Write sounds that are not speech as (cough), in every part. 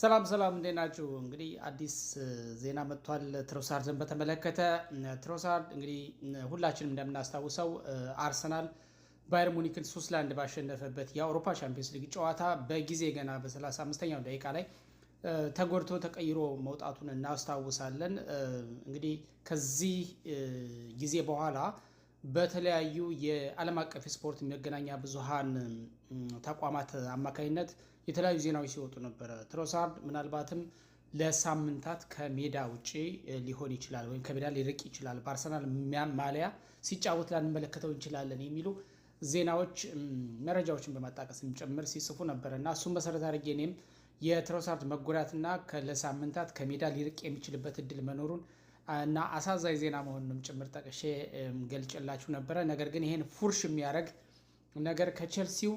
ሰላም ሰላም፣ እንዴት ናችሁ? እንግዲህ አዲስ ዜና መጥቷል። ትሮሳርድን በተመለከተ ትሮሳርድ እንግዲህ ሁላችንም እንደምናስታውሰው አርሰናል ባየር ሙኒክን ሶስት ለአንድ ባሸነፈበት የአውሮፓ ቻምፒየንስ ሊግ ጨዋታ በጊዜ ገና በ35ኛው ደቂቃ ላይ ተጎድቶ ተቀይሮ መውጣቱን እናስታውሳለን። እንግዲህ ከዚህ ጊዜ በኋላ በተለያዩ የዓለም አቀፍ ስፖርት መገናኛ ብዙሃን ተቋማት አማካኝነት የተለያዩ ዜናዎች ሲወጡ ነበረ። ትሮሳርድ ምናልባትም ለሳምንታት ከሜዳ ውጭ ሊሆን ይችላል ወይም ከሜዳ ሊርቅ ይችላል፣ በአርሰናል ማሊያ ሲጫወት ላንመለከተው እንችላለን የሚሉ ዜናዎች መረጃዎችን በማጣቀስም ጭምር ሲጽፉ ነበረ እና እሱም መሰረት አድርጌ እኔም የትሮሳርድ መጎዳትና ለሳምንታት ከሜዳ ሊርቅ የሚችልበት እድል መኖሩን እና አሳዛኝ ዜና መሆኑንም ጭምር ጠቅሼ ገልጭላችሁ ነበረ። ነገር ግን ይሄን ፉርሽ የሚያደርግ ነገር ከቸልሲው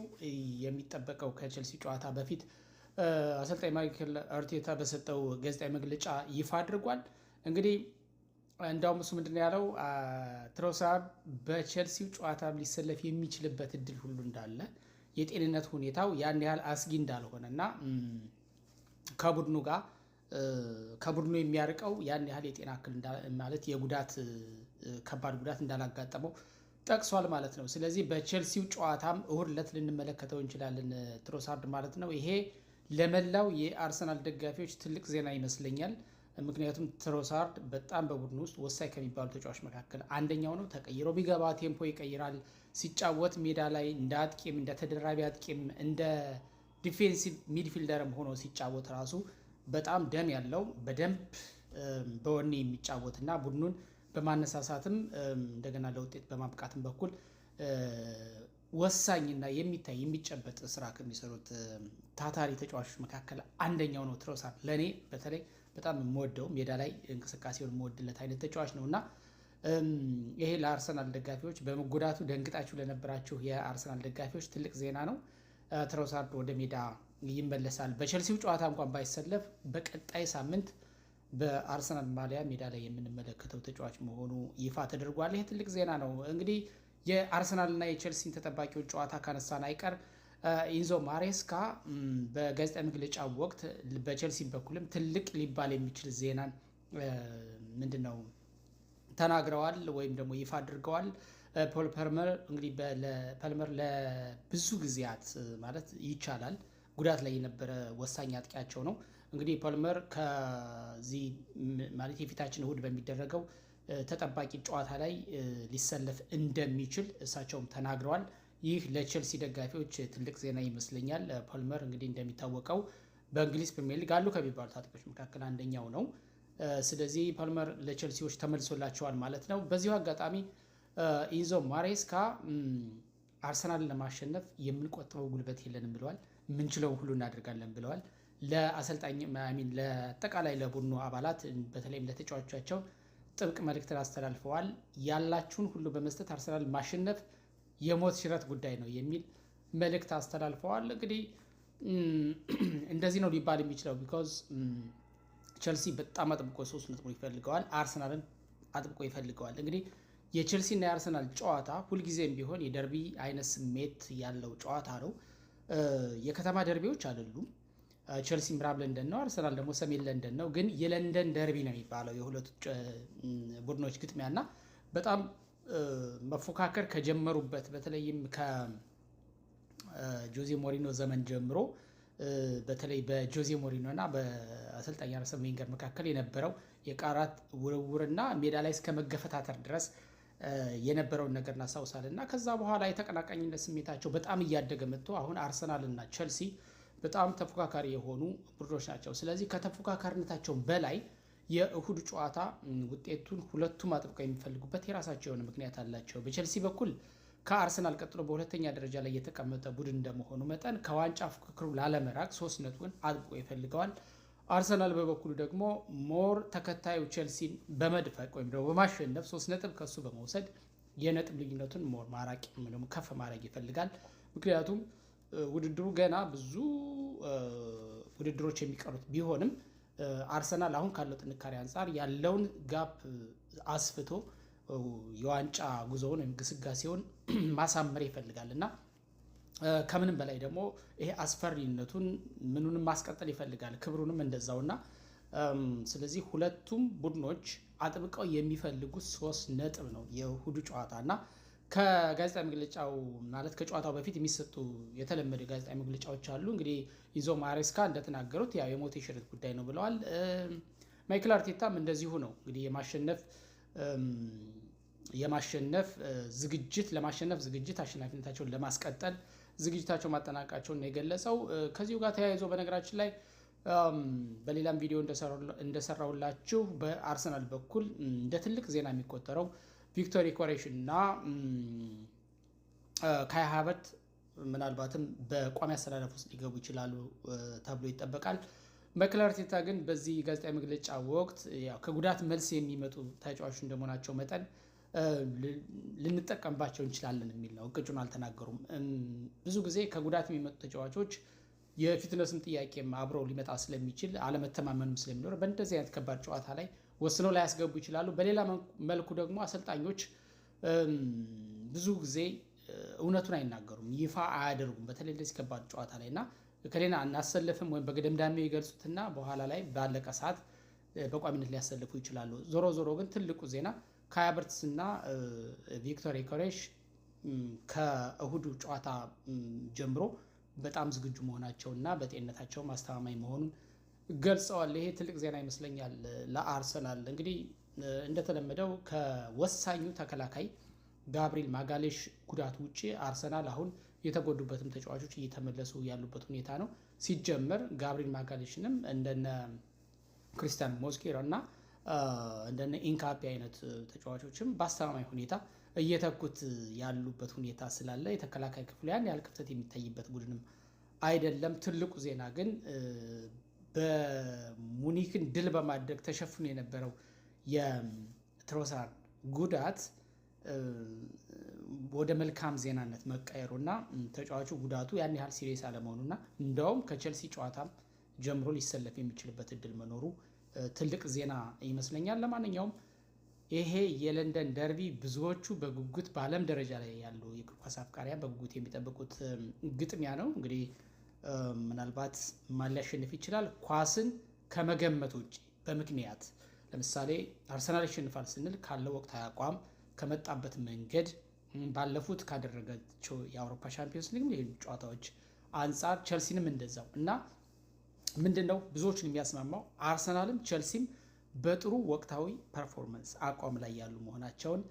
የሚጠበቀው ከቸልሲ ጨዋታ በፊት አሰልጣኝ ማይክል አርቴታ በሰጠው ጋዜጣዊ መግለጫ ይፋ አድርጓል። እንግዲህ እንዳውም እሱ ምንድን ያለው ትሮሳርድ በቸልሲው ጨዋታ ሊሰለፍ የሚችልበት እድል ሁሉ እንዳለ የጤንነት ሁኔታው ያን ያህል አስጊ እንዳልሆነ እና ከቡድኑ ጋር ከቡድኑ የሚያርቀው ያን ያህል የጤና እክል ማለት የጉዳት ከባድ ጉዳት እንዳላጋጠመው ጠቅሷል ማለት ነው። ስለዚህ በቼልሲው ጨዋታም እሁድ ዕለት ልንመለከተው እንችላለን ትሮሳርድ ማለት ነው። ይሄ ለመላው የአርሰናል ደጋፊዎች ትልቅ ዜና ይመስለኛል። ምክንያቱም ትሮሳርድ በጣም በቡድን ውስጥ ወሳኝ ከሚባሉ ተጫዋች መካከል አንደኛው ነው። ተቀይሮ ቢገባ ቴምፖ ይቀይራል። ሲጫወት ሜዳ ላይ እንደ አጥቂም እንደ ተደራቢ አጥቂም እንደ ዲፌንሲቭ ሚድፊልደርም ሆኖ ሲጫወት ራሱ በጣም ደም ያለው በደንብ በወኔ የሚጫወትና ቡድኑን በማነሳሳትም እንደገና ለውጤት በማብቃትም በኩል ወሳኝና የሚታይ የሚጨበጥ ስራ ከሚሰሩት ታታሪ ተጫዋቾች መካከል አንደኛው ነው ትሮሳር። ለእኔ በተለይ በጣም የምወደው ሜዳ ላይ እንቅስቃሴውን የምወድለት አይነት ተጫዋች ነው እና ይሄ ለአርሰናል ደጋፊዎች በመጎዳቱ ደንግጣችሁ ለነበራችሁ የአርሰናል ደጋፊዎች ትልቅ ዜና ነው። ትሮሳርድ ወደ ሜዳ ይመለሳል። በቸልሲው ጨዋታ እንኳን ባይሰለፍ በቀጣይ ሳምንት በአርሰናል ማሊያ ሜዳ ላይ የምንመለከተው ተጫዋች መሆኑ ይፋ ተደርጓል። ይህ ትልቅ ዜና ነው። እንግዲህ የአርሰናልና የቼልሲን ተጠባቂዎች ጨዋታ ካነሳን አይቀር ኢንዞ ማሬስካ በጋዜጣ መግለጫ ወቅት በቼልሲ በኩልም ትልቅ ሊባል የሚችል ዜናን ምንድን ነው ተናግረዋል ወይም ደግሞ ይፋ አድርገዋል። ፖል ፐልመር እንግዲህ ፐልመር ለብዙ ጊዜያት ማለት ይቻላል ጉዳት ላይ የነበረ ወሳኝ አጥቂያቸው ነው። እንግዲህ ፓልመር ከዚህ ማለት የፊታችን እሁድ በሚደረገው ተጠባቂ ጨዋታ ላይ ሊሰለፍ እንደሚችል እሳቸውም ተናግረዋል። ይህ ለቼልሲ ደጋፊዎች ትልቅ ዜና ይመስለኛል። ፓልመር እንግዲህ እንደሚታወቀው በእንግሊዝ ፕሪሚየር ሊግ አሉ ከሚባሉ ታጥቂዎች መካከል አንደኛው ነው። ስለዚህ ፓልመር ለቼልሲዎች ተመልሶላቸዋል ማለት ነው። በዚሁ አጋጣሚ ኢንዞ ማሬስካ አርሰናልን ለማሸነፍ የምንቆጥበው ጉልበት የለንም ብለዋል። ምንችለው ሁሉ እናደርጋለን ብለዋል። ለአሰልጣኝ ሚን ለቡኑ ለቡድኑ አባላት በተለይም ለተጫዋቾቻቸው ጥብቅ መልእክትን አስተላልፈዋል። ያላችሁን ሁሉ በመስጠት አርሰናል ማሸነፍ የሞት ሽረት ጉዳይ ነው የሚል መልእክት አስተላልፈዋል። እንግዲህ (clears throat) እንደዚህ ነው ሊባል የሚችለው ቢኮዝ ቸልሲ በጣም አጥብቆ ሶስት ነጥቦ ይፈልገዋል፣ አርሰናልን አጥብቆ ይፈልገዋል። እንግዲህ የቸልሲና የአርሰናል ጨዋታ ሁልጊዜም ቢሆን የደርቢ አይነት ስሜት ያለው ጨዋታ ነው። የከተማ ደርቢዎች አይደሉም። ቸልሲ ምዕራብ ለንደን ነው፣ አርሰናል ደግሞ ሰሜን ለንደን ነው። ግን የለንደን ደርቢ ነው የሚባለው የሁለቱ ቡድኖች ግጥሚያ እና በጣም መፎካከር ከጀመሩበት በተለይም ከጆዜ ሞሪኖ ዘመን ጀምሮ በተለይ በጆዜ ሞሪኖ እና በአሰልጣኝ አርሰን ቬንገር መካከል የነበረው የቃላት ውርውርና ሜዳ ላይ እስከ መገፈታተር ድረስ የነበረውን ነገር እናስታውሳለን እና ከዛ በኋላ የተቀናቃኝነት ስሜታቸው በጣም እያደገ መጥቶ አሁን አርሰናል እና ቸልሲ በጣም ተፎካካሪ የሆኑ ቡድኖች ናቸው። ስለዚህ ከተፎካካሪነታቸው በላይ የእሁድ ጨዋታ ውጤቱን ሁለቱም አጥብቀው የሚፈልጉበት የራሳቸው የሆነ ምክንያት አላቸው። በቼልሲ በኩል ከአርሰናል ቀጥሎ በሁለተኛ ደረጃ ላይ የተቀመጠ ቡድን እንደመሆኑ መጠን ከዋንጫ ፉክክሩ ላለመራቅ ሶስት ነጥብን አጥብቆ ይፈልገዋል። አርሰናል በበኩሉ ደግሞ ሞር ተከታዩ ቼልሲን በመድፈቅ ወይም ደግሞ በማሸነፍ ሶስት ነጥብ ከሱ በመውሰድ የነጥብ ልዩነቱን ሞር ማራቅ ከፍ ማድረግ ይፈልጋል ምክንያቱም ውድድሩ ገና ብዙ ውድድሮች የሚቀሩት ቢሆንም አርሰናል አሁን ካለው ጥንካሬ አንጻር ያለውን ጋፕ አስፍቶ የዋንጫ ጉዞውን ወይም ግስጋሴውን (clears throat) ማሳመር ይፈልጋል እና ከምንም በላይ ደግሞ ይሄ አስፈሪነቱን ምኑንም ማስቀጠል ይፈልጋል፣ ክብሩንም እንደዛውና ስለዚህ ሁለቱም ቡድኖች አጥብቀው የሚፈልጉት ሶስት ነጥብ ነው የእሁዱ ጨዋታ እና ከጋዜጣ መግለጫው ማለት ከጨዋታው በፊት የሚሰጡ የተለመደ ጋዜጣ መግለጫዎች አሉ። እንግዲህ ኢንዞ ማሬስካ እንደተናገሩት ያው የሞት የሽረት ጉዳይ ነው ብለዋል። ማይክል አርቴታም እንደዚሁ ነው እንግዲህ የማሸነፍ የማሸነፍ ዝግጅት ለማሸነፍ ዝግጅት አሸናፊነታቸውን ለማስቀጠል ዝግጅታቸው ማጠናቀቃቸውን የገለጸው። ከዚሁ ጋር ተያይዞ በነገራችን ላይ በሌላም ቪዲዮ እንደሰራሁላችሁ በአርሰናል በኩል እንደ ትልቅ ዜና የሚቆጠረው ቪክቶሪ ኮሬሽ እና ካይ ሃቨርት ምናልባትም በቋሚ አስተላለፍ ውስጥ ሊገቡ ይችላሉ ተብሎ ይጠበቃል። ማይክል ግን በዚህ ጋዜጣዊ መግለጫ ወቅት ከጉዳት መልስ የሚመጡ ተጫዋቾች እንደመሆናቸው መጠን ልንጠቀምባቸው እንችላለን የሚል ነው። እቅጩን አልተናገሩም። ብዙ ጊዜ ከጉዳት የሚመጡ ተጫዋቾች የፊትነስም ጥያቄም አብሮ ሊመጣ ስለሚችል አለመተማመንም ስለሚኖር በእንደዚህ አይነት ከባድ ጨዋታ ላይ ወስነው ላያስገቡ ይችላሉ። በሌላ መልኩ ደግሞ አሰልጣኞች ብዙ ጊዜ እውነቱን አይናገሩም፣ ይፋ አያደርጉም። በተለይ እንደዚህ ከባድ ጨዋታ ላይ እና ከሌና እናሰልፍም ወይም በገደምዳሜው ይገልጹትና በኋላ ላይ ባለቀ ሰዓት በቋሚነት ሊያሰልፉ ይችላሉ። ዞሮ ዞሮ ግን ትልቁ ዜና ካይ ሃቨርትዝ እና ቪክቶር ከእሁዱ ጨዋታ ጀምሮ በጣም ዝግጁ መሆናቸው እና በጤንነታቸው ማስተማማኝ መሆኑን ገልጸዋል። ይሄ ትልቅ ዜና ይመስለኛል ለአርሰናል። እንግዲህ እንደተለመደው ከወሳኙ ተከላካይ ጋብሪል ማጋሌሽ ጉዳት ውጭ አርሰናል አሁን የተጎዱበትም ተጫዋቾች እየተመለሱ ያሉበት ሁኔታ ነው። ሲጀመር ጋብሪል ማጋሌሽንም እንደነ ክሪስቲያን ሞስኬራ እና እንደነ ኢንካፒ አይነት ተጫዋቾችም በአስተማማኝ ሁኔታ እየተኩት ያሉበት ሁኔታ ስላለ የተከላካይ ክፍሉ ያን ያህል ክፍተት የሚታይበት ቡድንም አይደለም። ትልቁ ዜና ግን በሙኒክን ድል በማድረግ ተሸፍኖ የነበረው የትሮሳር ጉዳት ወደ መልካም ዜናነት መቀየሩ እና ተጫዋቹ ጉዳቱ ያን ያህል ሲሪየስ አለመሆኑና እንደውም ከቼልሲ ጨዋታም ጀምሮ ሊሰለፍ የሚችልበት እድል መኖሩ ትልቅ ዜና ይመስለኛል። ለማንኛውም ይሄ የለንደን ደርቢ ብዙዎቹ በጉጉት በዓለም ደረጃ ላይ ያሉ የእግር ኳስ አፍቃሪያን በጉጉት የሚጠብቁት ግጥሚያ ነው። እንግዲህ ምናልባት ማን ሊያሸንፍ ይችላል? ኳስን ከመገመት ውጭ በምክንያት ለምሳሌ አርሰናል ይሸንፋል ስንል ካለው ወቅታዊ አቋም ከመጣበት መንገድ ባለፉት ካደረገችው የአውሮፓ ሻምፒዮንስ ሊግ ጨዋታዎች አንጻር ቸልሲንም እንደዛው እና ምንድን ነው ብዙዎቹን የሚያስማማው አርሰናልም ቸልሲም በጥሩ ወቅታዊ ፐርፎርመንስ አቋም ላይ ያሉ መሆናቸውን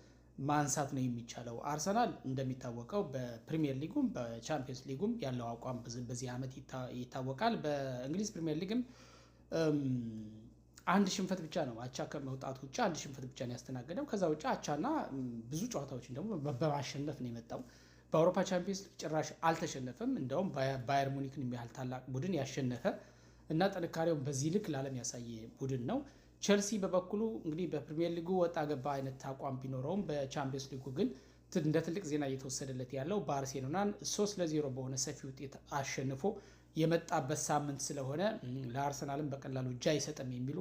ማንሳት ነው የሚቻለው። አርሰናል እንደሚታወቀው በፕሪሚየር ሊጉም በቻምፒየንስ ሊጉም ያለው አቋም በዚህ ዓመት ይታወቃል። በእንግሊዝ ፕሪሚየር ሊግም አንድ ሽንፈት ብቻ ነው አቻ ከመውጣት ውጭ አንድ ሽንፈት ብቻ ነው ያስተናገደው። ከዛ ውጭ አቻና ብዙ ጨዋታዎችን ደግሞ በማሸነፍ ነው የመጣው። በአውሮፓ ቻምፒየንስ ሊግ ጭራሽ አልተሸነፈም። እንደውም ባየር ሙኒክን የሚያህል ታላቅ ቡድን ያሸነፈ እና ጥንካሬውን በዚህ ልክ ለዓለም ያሳየ ቡድን ነው። ቸልሲ በበኩሉ እንግዲህ በፕሪሚየር ሊጉ ወጣ ገባ አይነት አቋም ቢኖረውም በቻምፒየንስ ሊጉ ግን እንደ ትልቅ ዜና እየተወሰደለት ያለው ባርሴሎናን ሶስት ለዜሮ በሆነ ሰፊ ውጤት አሸንፎ የመጣበት ሳምንት ስለሆነ ለአርሰናልም በቀላሉ እጅ አይሰጥም የሚሉ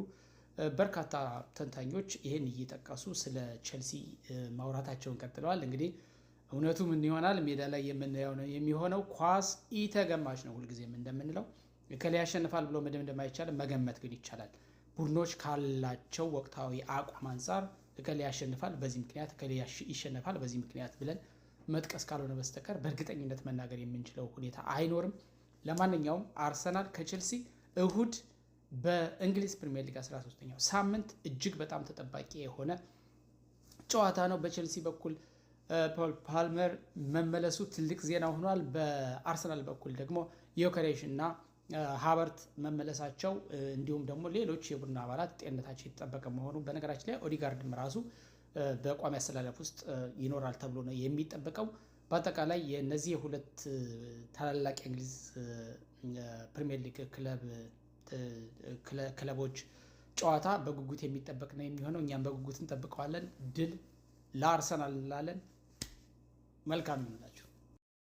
በርካታ ተንታኞች ይህን እየጠቀሱ ስለ ቸልሲ ማውራታቸውን ቀጥለዋል። እንግዲህ እውነቱ ምን ይሆናል ሜዳ ላይ የምናየው ነው የሚሆነው። ኳስ ኢተገማች ነው፣ ሁልጊዜም እንደምንለው ከላይ ያሸንፋል ብሎ መደምደም አይቻልም፣ መገመት ግን ይቻላል። ቡድኖች ካላቸው ወቅታዊ አቋም አንጻር እከሌ ያሸንፋል በዚህ ምክንያት፣ እከሌ ይሸነፋል በዚህ ምክንያት ብለን መጥቀስ ካልሆነ በስተቀር በእርግጠኝነት መናገር የምንችለው ሁኔታ አይኖርም። ለማንኛውም አርሰናል ከቼልሲ እሁድ በእንግሊዝ ፕሪሚየር ሊግ 13ኛው ሳምንት እጅግ በጣም ተጠባቂ የሆነ ጨዋታ ነው። በቼልሲ በኩል ፓልመር መመለሱ ትልቅ ዜና ሆኗል። በአርሰናል በኩል ደግሞ ዮከሬሽ እና ሀበርት መመለሳቸው እንዲሁም ደግሞ ሌሎች የቡድን አባላት ጤንነታቸው የተጠበቀ መሆኑ በነገራችን ላይ ኦዲጋርድም ራሱ በቋሚ አሰላለፍ ውስጥ ይኖራል ተብሎ ነው የሚጠበቀው። በአጠቃላይ የእነዚህ የሁለት ታላላቅ የእንግሊዝ ፕሪሚየር ሊግ ክለቦች ጨዋታ በጉጉት የሚጠበቅ ነው የሚሆነው። እኛም በጉጉት እንጠብቀዋለን። ድል ለአርሰናል እንላለን። መልካም